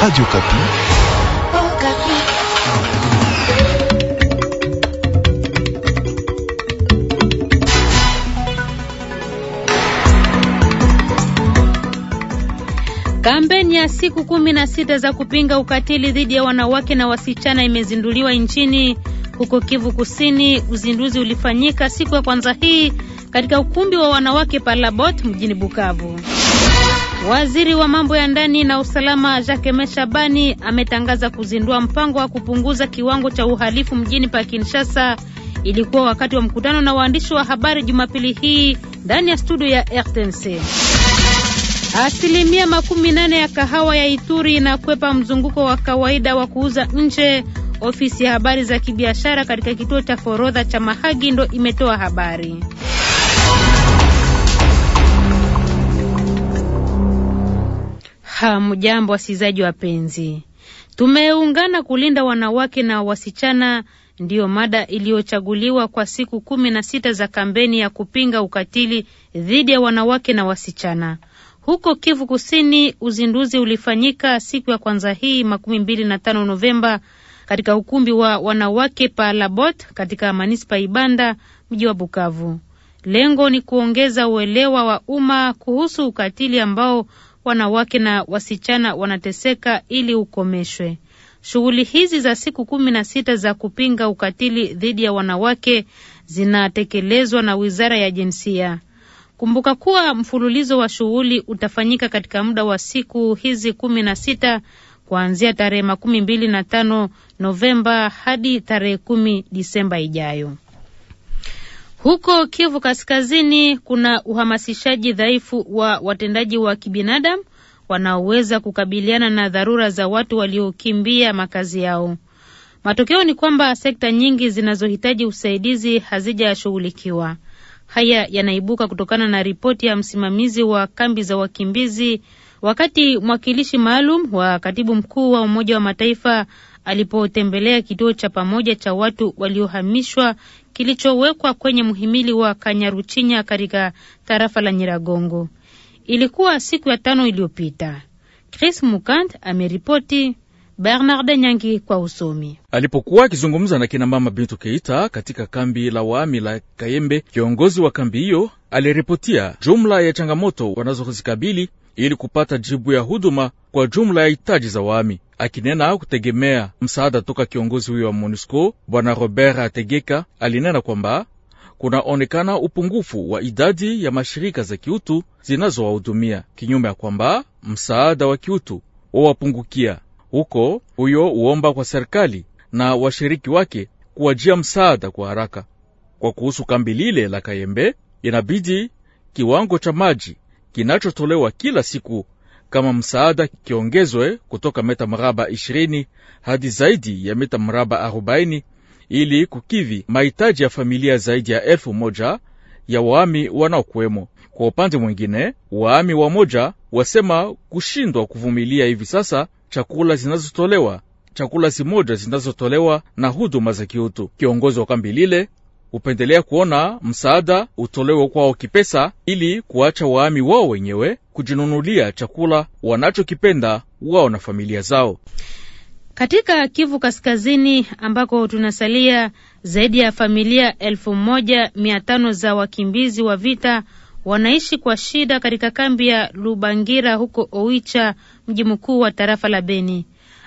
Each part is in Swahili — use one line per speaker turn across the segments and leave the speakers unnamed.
Radio Kapi.
Oh, Kapi.
Kampeni ya siku kumi na sita za kupinga ukatili dhidi ya wanawake na wasichana imezinduliwa nchini huko Kivu Kusini. Uzinduzi ulifanyika siku ya kwanza hii katika ukumbi wa wanawake Palabot mjini Bukavu. Waziri wa mambo ya ndani na usalama Jakeme Shabani ametangaza kuzindua mpango wa kupunguza kiwango cha uhalifu mjini pa Kinshasa. Ilikuwa wakati wa mkutano na waandishi wa habari Jumapili hii ndani ya studio ya RTNC. Asilimia makumi nane ya kahawa ya Ituri inakwepa mzunguko wa kawaida wa kuuza nje. Ofisi ya habari za kibiashara katika kituo cha forodha cha Mahagi ndo imetoa habari. Hamjambo wasikilizaji wapenzi, tumeungana kulinda wanawake na wasichana, ndiyo mada iliyochaguliwa kwa siku kumi na sita za kampeni ya kupinga ukatili dhidi ya wanawake na wasichana huko Kivu Kusini. Uzinduzi ulifanyika siku ya kwanza hii makumi mbili na tano Novemba katika ukumbi wa wanawake Palabot katika manispa Ibanda, mji wa Bukavu. Lengo ni kuongeza uelewa wa umma kuhusu ukatili ambao wanawake na wasichana wanateseka ili ukomeshwe. Shughuli hizi za siku kumi na sita za kupinga ukatili dhidi ya wanawake zinatekelezwa na wizara ya jinsia. Kumbuka kuwa mfululizo wa shughuli utafanyika katika muda wa siku hizi kumi na sita kuanzia tarehe makumi mbili na tano Novemba hadi tarehe kumi Disemba ijayo. Huko Kivu Kaskazini kuna uhamasishaji dhaifu wa watendaji wa kibinadamu wanaoweza kukabiliana na dharura za watu waliokimbia makazi yao. Matokeo ni kwamba sekta nyingi zinazohitaji usaidizi hazijashughulikiwa. Haya yanaibuka kutokana na ripoti ya msimamizi wa kambi za wakimbizi wakati mwakilishi maalum wa katibu mkuu wa Umoja wa Mataifa alipotembelea kituo cha pamoja cha watu waliohamishwa kilichowekwa kwenye mhimili wa Kanyaruchinya katika tarafa la Nyiragongo. Ilikuwa siku ya tano iliyopita. Chris Mukand ameripoti. Bernard Nyangi kwa usomi.
Alipokuwa akizungumza na kina mama Bintu Keita katika kambi la waami la Kayembe, kiongozi wa kambi hiyo aliripotia jumla ya changamoto wanazozikabili ili kupata jibu ya huduma kwa jumla ya hitaji za wami, akinena kutegemea msaada toka kiongozi huyo wa MONUSCO bwana Robert Ategeka. Alinena kwamba kunaonekana upungufu wa idadi ya mashirika za kiutu zinazowahudumia, kinyume ya kwamba msaada wa kiutu wawapungukia huko. Huyo uomba kwa serikali na washiriki wake kuwajia msaada kwa haraka. Kwa kuhusu kambi lile la Kayembe, inabidi kiwango cha maji kinachotolewa kila siku kama msaada kiongezwe kutoka meta mraba 20 hadi zaidi ya meta mraba 40 ili kukidhi mahitaji ya familia zaidi ya elfu moja ya waami wanaokuwemo. Kwa upande mwingine, waami wamoja wasema kushindwa kuvumilia hivi sasa chakula zinazotolewa chakula zimoja zinazotolewa na huduma za kiutu. Kiongozi wa kambi lile hupendelea kuona msaada utolewe kwao kipesa, ili kuacha waami wao wenyewe kujinunulia chakula wanachokipenda wao na familia zao.
Katika Kivu Kaskazini ambako tunasalia, zaidi ya familia elfu moja mia tano za wakimbizi wa vita wanaishi kwa shida katika kambi ya Lubangira huko Oicha, mji mkuu wa tarafa la Beni.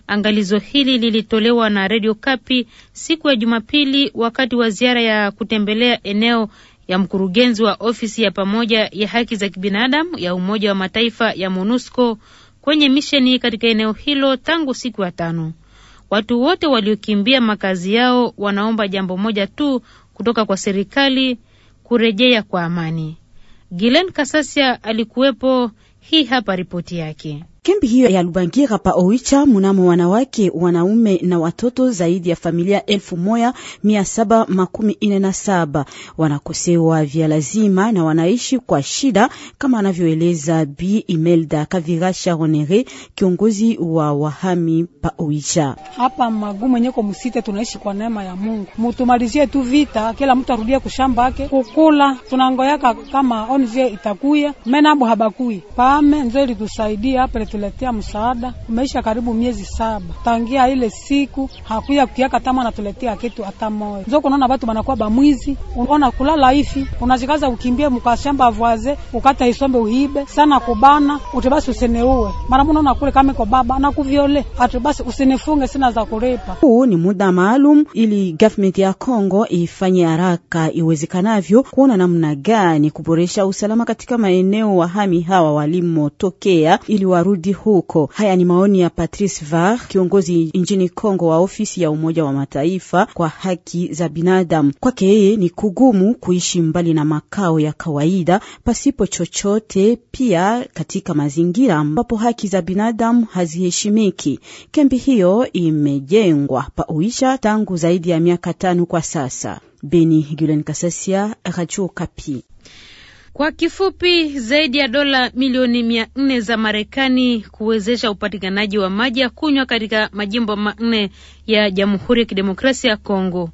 Angalizo hili lilitolewa na Radio Kapi siku ya Jumapili wakati wa ziara ya kutembelea eneo ya mkurugenzi wa ofisi ya pamoja ya haki za kibinadamu ya Umoja wa Mataifa ya MONUSCO kwenye misheni katika eneo hilo tangu siku ya tano. Watu wote waliokimbia makazi yao wanaomba jambo moja tu kutoka kwa serikali, kurejea kwa amani. Gilen Kasasia alikuwepo. Hii hapa ripoti yake.
Kembi hiyo ya Lubangira pa Oicha munamo wanawake, wanaume na watoto zaidi ya familia elfu moja mia saba makumi ine na saba wanakosewa vya lazima na wanaishi kwa shida, kama anavyoeleza b Imelda Kavira Sharonere, kiongozi wa wahami pa Oicha. Hapa magumu enyeko musite, tunaishi kwa neema ya Mungu, mutumalizie tu vita, kila mtu arudie kushamba ake kukula. Tunangoyaka kama onvie itakuya menabo habakui pame nzeli tusaidia hapa anatuletea msaada. Umeisha karibu miezi saba tangia ile siku hakuya kiaka tama anatuletea kitu hata moyo nzo kunaona watu banakuwa bamwizi, unaona kulala hivi unajikaza ukimbie mukashamba avwaze ukata isombe uhibe sana kubana utibasi useneuwe mara munaona kule kama kwa baba na kuviole atubasi usinifunge sina za kulipa. Huu ni muda maalum ili government ya Kongo ifanye haraka iwezekanavyo kuona namna gani kuboresha usalama katika maeneo wahami hawa walimotokea ili warudi kurudi huko. Haya ni maoni ya Patrice Var, kiongozi nchini Kongo wa ofisi ya Umoja wa Mataifa kwa haki za binadamu. Kwake yeye ni kugumu kuishi mbali na makao ya kawaida pasipo chochote, pia katika mazingira ambapo haki za binadamu haziheshimiki. Kambi hiyo imejengwa pa Uisha tangu zaidi ya miaka tano kwa sasa. Beni Gulen Kasasia, Radio Kapi.
Kwa kifupi, zaidi ya dola milioni mia nne za Marekani kuwezesha upatikanaji wa maji ya kunywa katika majimbo manne ya Jamhuri ya Kidemokrasia ya Kongo.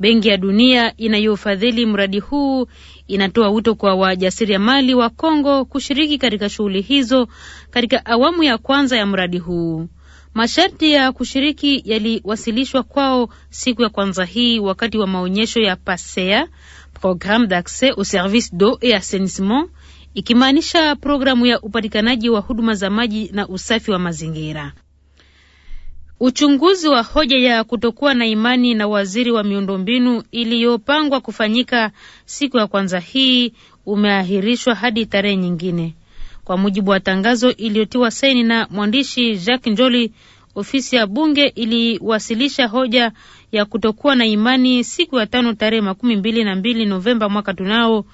Benki ya Dunia inayofadhili mradi huu inatoa wito kwa wajasiriamali wa Kongo kushiriki katika shughuli hizo katika awamu ya kwanza ya mradi huu. Masharti ya kushiriki yaliwasilishwa kwao siku ya kwanza hii wakati wa maonyesho ya Pasea, programme d'accès aux services d'eau et assainissement, ikimaanisha programu ya upatikanaji wa huduma za maji na usafi wa mazingira. Uchunguzi wa hoja ya kutokuwa na imani na waziri wa miundombinu iliyopangwa kufanyika siku ya kwanza hii umeahirishwa hadi tarehe nyingine, kwa mujibu wa tangazo iliyotiwa saini na mwandishi Jacques Njoli ofisi ya bunge iliwasilisha hoja ya kutokuwa na imani siku ya tano tarehe makumi mbili na mbili Novemba mwaka tunao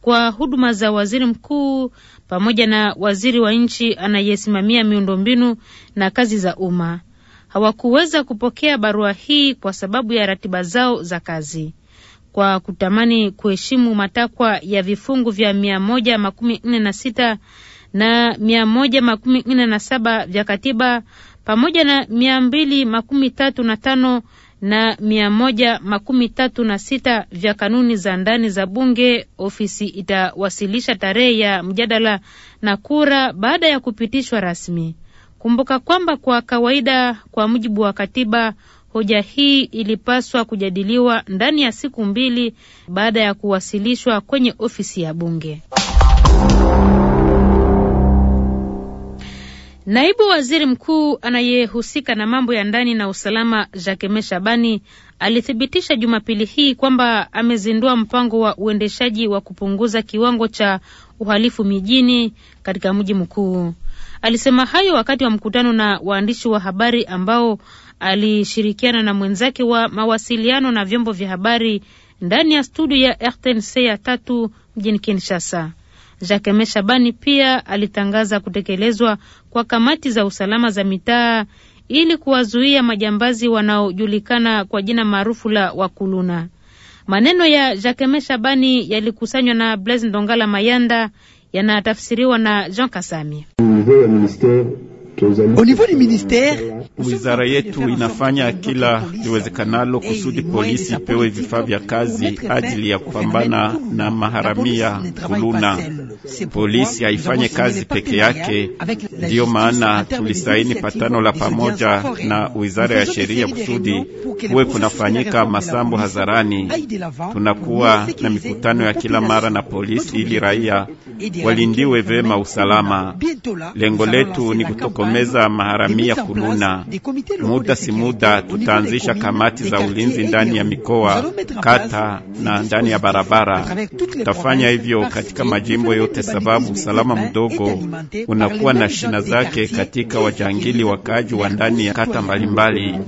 kwa huduma za waziri mkuu pamoja na waziri wa nchi anayesimamia miundombinu na kazi za umma. Hawakuweza kupokea barua hii kwa sababu ya ratiba zao za kazi. Kwa kutamani kuheshimu matakwa ya vifungu vya mia moja makumi nne na sita na mia moja makumi nne na saba vya katiba, pamoja na mia mbili makumi tatu na tano na mia moja makumi tatu na sita vya kanuni za ndani za bunge. Ofisi itawasilisha tarehe ya mjadala na kura baada ya kupitishwa rasmi. Kumbuka kwamba kwa kawaida, kwa mujibu wa katiba, hoja hii ilipaswa kujadiliwa ndani ya siku mbili baada ya kuwasilishwa kwenye ofisi ya bunge. Naibu waziri mkuu anayehusika na mambo ya ndani na usalama Jakeme Shabani alithibitisha Jumapili hii kwamba amezindua mpango wa uendeshaji wa kupunguza kiwango cha uhalifu mijini katika mji mkuu. Alisema hayo wakati wa mkutano na waandishi wa habari ambao alishirikiana na mwenzake wa mawasiliano na vyombo vya habari ndani ya studio ya RTNC ya tatu mjini Kinshasa. Jakeme Shabani pia alitangaza kutekelezwa kwa kamati za usalama za mitaa ili kuwazuia majambazi wanaojulikana kwa jina maarufu la wakuluna. Maneno ya Jakeme Shabani yalikusanywa na Blaise Ndongala Mayanda, yanatafsiriwa na Jean Kasami.
Minister,
wizara yetu inafanya kila liwezekanalo kusudi polisi ipewe vifaa vya kazi ajili ya kupambana na maharamia kuluna. Polisi haifanye kazi peke yake, ndiyo maana tulisaini patano la pamoja na wizara ya sheria kusudi kuwe kunafanyika masambo hadharani. Tunakuwa na mikutano ya kila mara na polisi ili raia walindiwe vema usalama. Lengo letu ni kutoka kutokomeza maharamia kununa. Muda si muda tutaanzisha kamati za ulinzi ndani ya mikoa, kata na ndani ya barabara.
Tutafanya hivyo
katika majimbo yote, sababu usalama mdogo unakuwa na shina zake katika wajangili wakaaji wa ndani ya kata mbalimbali.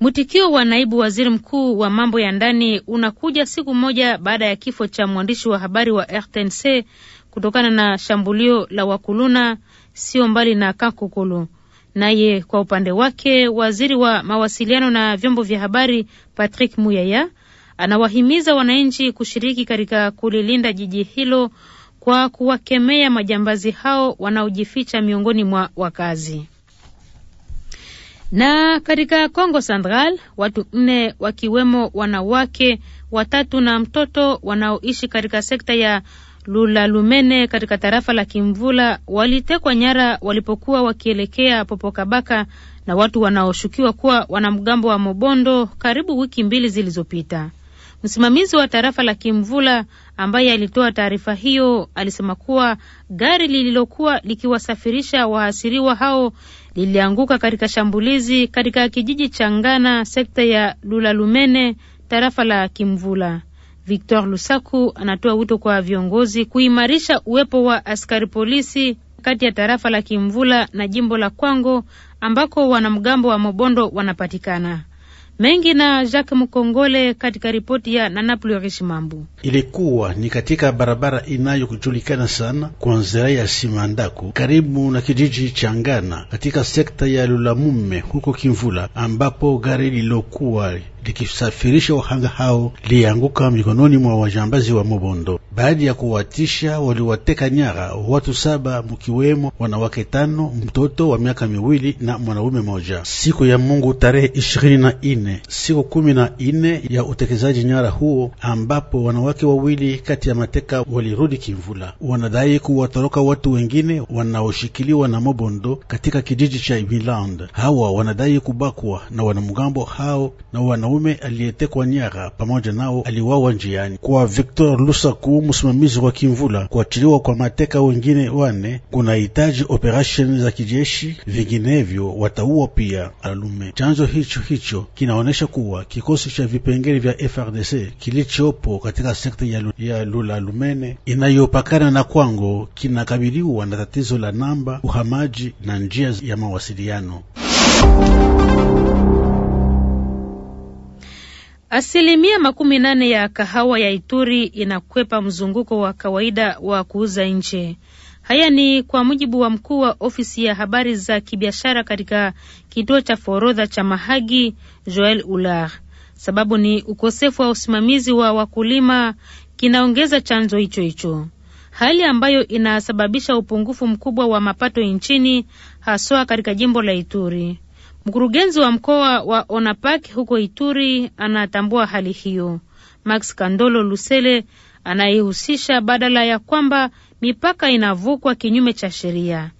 Mwitikio wa naibu waziri mkuu wa mambo ya ndani unakuja siku moja baada ya kifo cha mwandishi wa habari wa RTNC kutokana na shambulio la wakuluna sio mbali na Kakukulu. Naye kwa upande wake waziri wa mawasiliano na vyombo vya habari Patrick Muyaya anawahimiza wananchi kushiriki katika kulilinda jiji hilo kwa kuwakemea majambazi hao wanaojificha miongoni mwa wakazi. Na katika congo Central watu nne wakiwemo wanawake watatu na mtoto wanaoishi katika sekta ya Lulalumene katika tarafa la Kimvula walitekwa nyara walipokuwa wakielekea Popokabaka na watu wanaoshukiwa kuwa wanamgambo wa Mobondo karibu wiki mbili zilizopita. Msimamizi wa tarafa la Kimvula ambaye alitoa taarifa hiyo alisema kuwa gari lililokuwa likiwasafirisha waasiriwa hao lilianguka katika shambulizi katika kijiji cha Ngana, sekta ya Lulalumene, tarafa la Kimvula. Victor Lusaku anatoa wito kwa viongozi kuimarisha uwepo wa askari polisi kati ya tarafa la Kimvula na jimbo la Kwango ambako wanamgambo wa Mobondo wanapatikana mengi na Jacques Mkongole katika ripoti ya Nana Plurish Mambu.
Ilikuwa ni katika barabara inayojulikana sana nzira ya Simandaku karibu na kijiji cha Ngana katika sekta ya Lulamume huko Kimvula, ambapo gari lilokuwa likisafirisha wahanga hao lianguka mikononi mwa wajambazi wa Mobondo. Baada ya kuwatisha, waliwateka nyara watu saba, mkiwemo wanawake tano, mtoto wa miaka miwili na mwanaume moja. Siku ya Mungu tarehe ishirini na ine nne, siku kumi na nne ya utekelezaji nyara huo, ambapo wanawake wawili kati ya mateka walirudi kimvula. Wanadai kuwatoroka watu wengine wanaoshikiliwa na Mobondo katika kijiji cha Miland. Hawa wanadai kubakwa na wanamgambo hao, na wanaume aliyetekwa nyara pamoja nao aliwawa njiani. Kwa Victor Lusaku, msimamizi wa Kimvula, kuachiliwa kwa mateka wengine wane hitaji operation za kijeshi, vinginevyo wataua pia alume. Chanzo hicho hicho kina inaonyesha kuwa kikosi cha vipengele vya FRDC kilichopo katika sekta ya Lula Lumene inayopakana na Kwango kinakabiliwa na tatizo la namba, uhamaji na njia ya mawasiliano.
Asilimia makumi nane ya kahawa ya Ituri inakwepa mzunguko wa kawaida wa kuuza nje. Haya ni kwa mujibu wa mkuu wa ofisi ya habari za kibiashara katika kituo cha forodha cha Mahagi, Joel Ular. Sababu ni ukosefu wa usimamizi wa wakulima, kinaongeza chanzo hicho hicho, hali ambayo inasababisha upungufu mkubwa wa mapato nchini, haswa katika jimbo la Ituri. Mkurugenzi wa mkoa wa ONAPAK huko Ituri anatambua hali hiyo. Max Kandolo Lusele anayehusisha badala ya kwamba mipaka inavukwa kinyume cha sheria.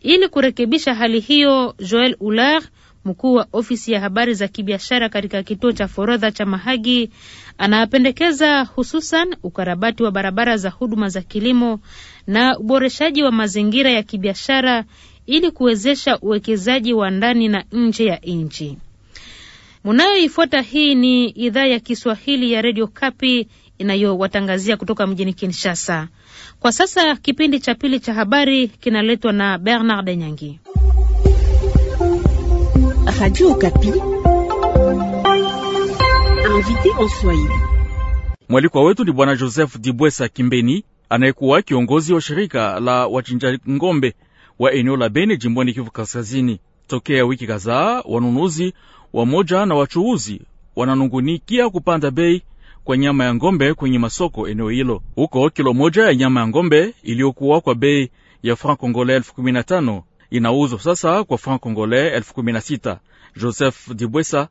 Ili kurekebisha hali hiyo, Joel Ular, mkuu wa ofisi ya habari za kibiashara katika kituo cha forodha cha Mahagi, anapendekeza hususan ukarabati wa barabara za huduma za kilimo na uboreshaji wa mazingira ya kibiashara ili kuwezesha uwekezaji wa ndani na nje ya nchi. Munayoifuata hii ni idhaa ya Kiswahili ya Redio Kapi inayowatangazia kutoka mjini Kinshasa. Kwa sasa kipindi cha pili cha habari kinaletwa na Bernard Nyangi.
Mwalikwa wetu ni Bwana Joseph Dibwesa Kimbeni anayekuwa kiongozi wa shirika la wachinja ngombe wa eneo la Beni jimboni Kivu Kaskazini. Tokea wiki kadhaa, wanunuzi wamoja na wachuuzi wananungunikia kupanda bei kwa nyama ya ng'ombe kwenye masoko eneo hilo. Huko kilo moja ya nyama ya ng'ombe iliyokuwa kwa bei ya franc congolais elfu kumi na tano inauzwa sasa kwa franc congolais elfu kumi na sita. Joseph Dibwesa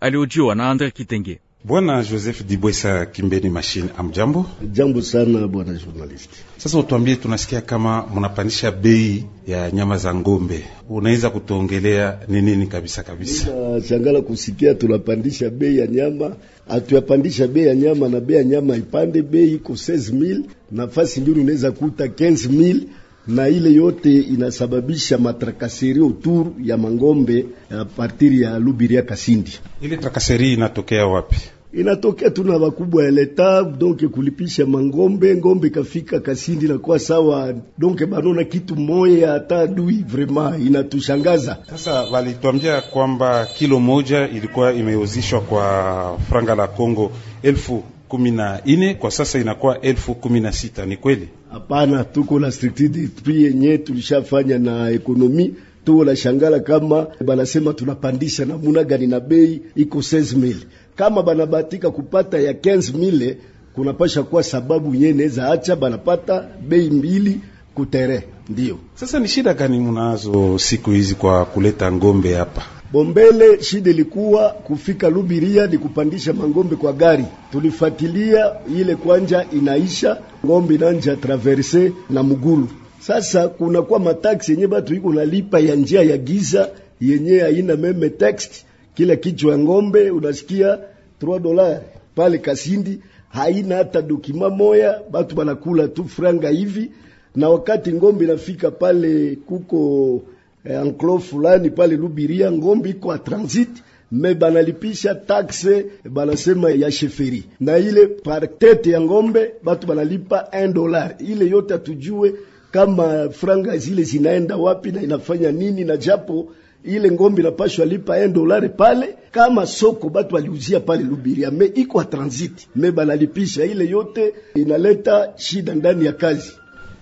aliojiwa na Andre Kitenge.
Bwana Joseph Dibwesa Kimbeni Mashine, amjambo. Jambo sana bwana journalist. Sasa utuambie, tunasikia kama mnapandisha bei ya nyama za ng'ombe, unaweza kutuongelea ni nini kabisa kabisa?
shangala kusikia tunapandisha bei ya nyama atuyapandisha bei ya nyama na bei ya nyama ipande, bei iko 16000 nafasi ndio unaweza kuta 15000 na ile yote inasababisha matrakaseri autour ya mangombe a eh, partiri ya Lubiria Kasindi.
Ile trakaseri inatokea wapi?
inatokea tuna wakubwa ya leta donc kulipisha mangombe ngombe kafika kasindi na kwa sawa donc banona kitu moya hata dui vraiment inatushangaza.
Sasa walitwambia kwamba kilo moja ilikuwa imeuzishwa kwa franga la Kongo elfu kumi na ine kwa sasa inakuwa elfu kumi na sita Ni
kweli? Hapana, tuko na strictly prix yenye tulishafanya na ekonomi tuko na shangala kama banasema tunapandisha namuna gani na bei iko 16000 kama banabatika kupata ya 15000 kunapasha kuwa sababu yene naweza acha banapata bei mbili kutere. Ndio sasa ni shida gani mnazo siku hizi kwa kuleta ngombe hapa? Bombele shida ilikuwa kufika Lubiria ni kupandisha mangombe kwa gari. Tulifatilia ile kwanja inaisha ngombe inanja traverse na mugulu Sasa kuna kwa mataksi yenye batu iko nalipa ya njia ya giza yenye haina meme text kila kichwa ya ng'ombe unasikia 3 dolari pale Kasindi, haina hata dokima moya, batu banakula tu franga hivi. Na wakati ng'ombe inafika pale kuko eh, fulani pale Lubiria, ng'ombe iko a transit me banalipisha taxe banasema ya sheferi, na ile par tete ya ng'ombe batu banalipa 1 dollar. Ile yote atujue kama franga zile zinaenda wapi na inafanya nini, na japo ile ngombe la lipa 1 dolari pale, kama soko batu waliuzia pale Lubiria, me iko a transit me banalipisha ile yote, inaleta shida ndani ya kazi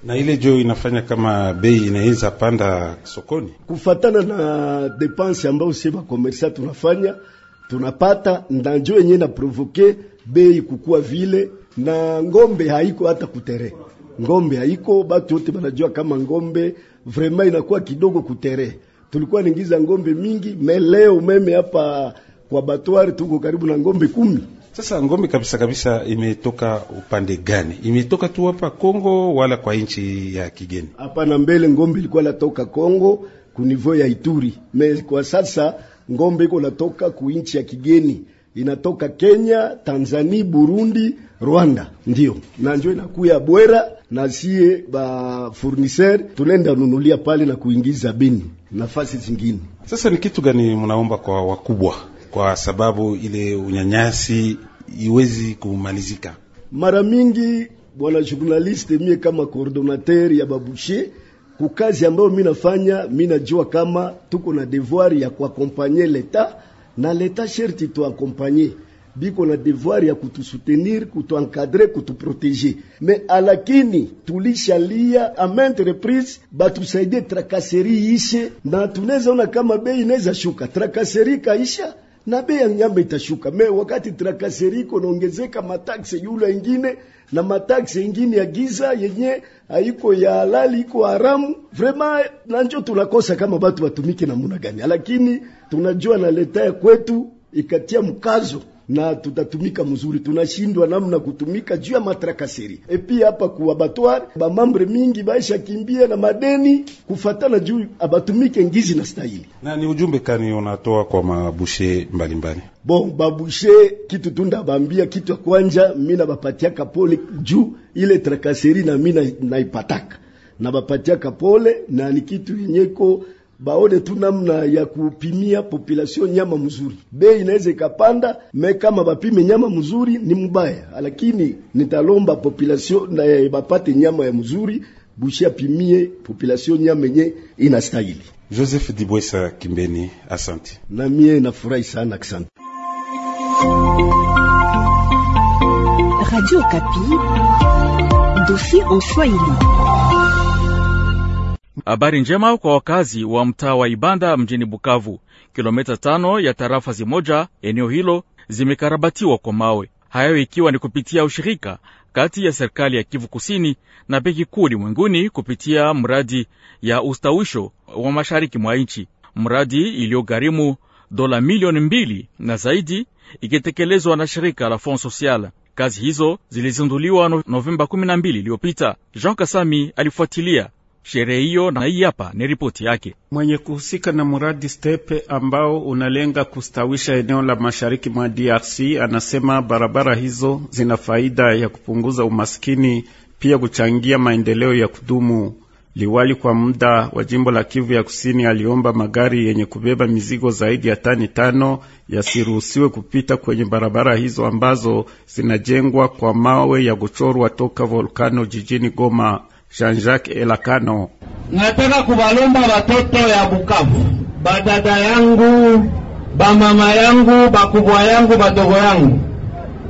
na ile jo inafanya kama bei inaweza panda sokoni,
kufatana na depense ambayo sie bakomersa tunafanya tunapata ndanjo yenye na provoke bei kukua vile, na ngombe haiko hata kutere, ngombe haiko, batu wote banajua kama ngombe vraiment inakuwa kidogo kutere tulikuwa niingiza ngombe mingi meleo umeme hapa kwa batwari tuko karibu na ngombe kumi.
Sasa ngombe kabisa kabisa imetoka upande gani? Imetoka tu hapa Kongo wala kwa nchi ya kigeni?
Hapana, mbele ngombe ilikuwa natoka Kongo kunivyo ya Ituri. Me kwa sasa ngombe iko natoka ku nchi ya kigeni inatoka Kenya, Tanzania, Burundi, Rwanda ndio na njo inakuya Bwera na sie ba fournisseur tunenda nunulia pale na kuingiza bini nafasi zingine.
Sasa ni kitu gani mnaomba kwa wakubwa, kwa sababu ile unyanyasi iwezi kumalizika?
Mara mingi bwana journaliste, mie kama coordinateur ya babushe kukazi ambayo mi nafanya, mi najua kama tuko na devoir ya kuakompanye leta na leta sherti tuakompanye biko na devoir ya kutusutenir kutuenkadre, kutuprotege me alakini, tulishalia a maintes batusaidie trakaseri ishe, na tunaweza ona kama bei inaweza shuka, trakaseri kaisha na bei ya nyama itashuka. Me wakati trakaseri iko naongezeka, mataksi yule ingine na mataksi ingine ya giza yenye haiko ya halali, iko haramu vraiment, na njo tunakosa kama batu batumike namuna gani, lakini tunajua na leta ya kwetu ikatia mkazo na tutatumika mzuri, tunashindwa namna kutumika juu ya matrakaseri. Epi hapa ku abatware bamambre mingi baisha kimbia na madeni kufatana juu abatumike ngizi na stahili.
Na ni ujumbe kani unatoa kwa mabushe mbalimbali?
Bon, babushe kitu tunda bambia kitu ya kwanja, mimi bapatia pole juu ile trakaseri na mimi naipataka na bapatia pole na ni kitu yenyeko baone tu namna ya kupimia population nyama mzuri. Bei inaweza ikapanda, me kama bapime nyama mzuri ni mubaya, lakini nitalomba population na bapate nyama ya mzuri bushi apimie population nyama yenye inastahili. Joseph Dibwesa Kimbeni, asante. Na mie nafurahi sana, asante. Radio Kapi, dossier
en Swahili.
Habari njema kwa wakazi wa mtaa wa Ibanda mjini Bukavu, kilomita tano ya tarafa zimoja eneo hilo zimekarabatiwa kwa mawe, hayo ikiwa ni kupitia ushirika kati ya serikali ya Kivu Kusini na Benki Kuu Ulimwenguni kupitia mradi ya ustawisho wa mashariki mwa nchi, mradi iliyogharimu dola milioni mbili na zaidi, ikitekelezwa na shirika la Fond Social. Kazi hizo zilizinduliwa Novemba 12 iliyopita. Jean Kasami alifuatilia Sherehe hiyo na hii hapa ni ripoti yake. Mwenye kuhusika
na mradi stepe ambao unalenga kustawisha eneo la mashariki mwa DRC anasema barabara hizo zina faida ya kupunguza umaskini, pia kuchangia maendeleo ya kudumu. Liwali kwa muda wa jimbo la Kivu ya Kusini aliomba magari yenye kubeba mizigo zaidi ya tani tano yasiruhusiwe kupita kwenye barabara hizo ambazo zinajengwa kwa mawe ya kuchorwa toka volkano jijini Goma. Jean-Jacques Elakano.
Nataka kubalomba batoto ya Bukavu, badada yangu, bamama yangu, bakubwa yangu, badogo
yangu,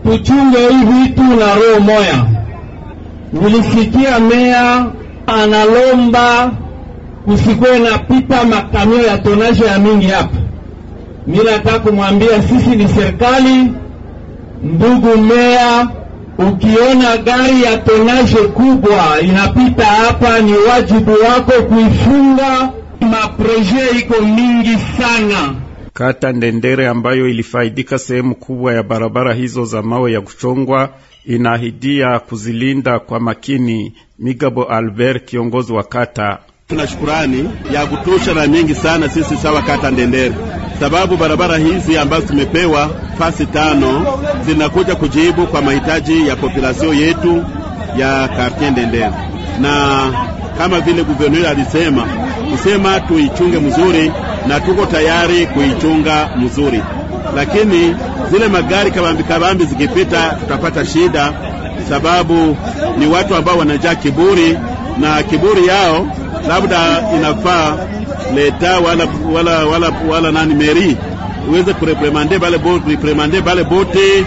tuchunge hii vitu na roho moya. Nilisikia
meya analomba kusikwe na pita makamio ya tonaje ya mingi hapa. Mimi nataka kumwambia sisi ni serikali, ndugu meya Ukiona gari ya tonaje kubwa inapita hapa, ni wajibu wako kuifunga. Maproje iko mingi sana.
Kata Ndendere ambayo ilifaidika sehemu kubwa ya barabara hizo za mawe ya kuchongwa inaahidia kuzilinda kwa makini. Migabo Albert, kiongozi wa kata:
tuna shukurani ya kutosha na mingi sana sisi sawa kata Ndendere sababu barabara hizi ambazo tumepewa fasi tano zinakuja kujibu kwa mahitaji ya populasio yetu ya Kartier Ndendere, na kama vile guverneri alisema kusema tuichunge mzuri, na tuko tayari kuichunga mzuri, lakini zile magari kabambi kabambi zikipita tutapata shida, sababu ni watu ambao wanajaa kiburi na kiburi yao labda inafaa leta wala wala wala wala nani meri uweze kureprimande bale bote kureprimande bale bote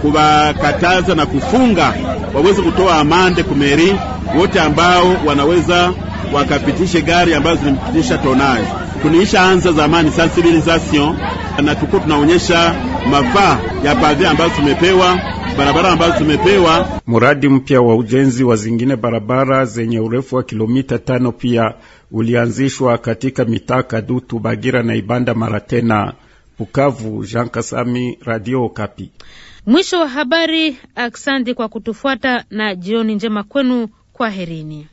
kuwakataza na kufunga, waweze kutoa amande kumeri wote ambao wanaweza wakapitishe gari ambazo zilimpitisha tonaje tuliishaanza zamani sensibilisation, na tuko tunaonyesha mafaa ya pave ambazo tumepewa barabara ambazo tumepewa.
Mradi mpya wa ujenzi wa zingine barabara zenye urefu wa kilomita tano pia ulianzishwa katika mitaa Kadutu, Bagira na Ibanda mara tena. Bukavu, Jean Kasami, Radio Okapi.
Mwisho wa habari. Aksandi kwa kutufuata na jioni njema kwenu, kwa herini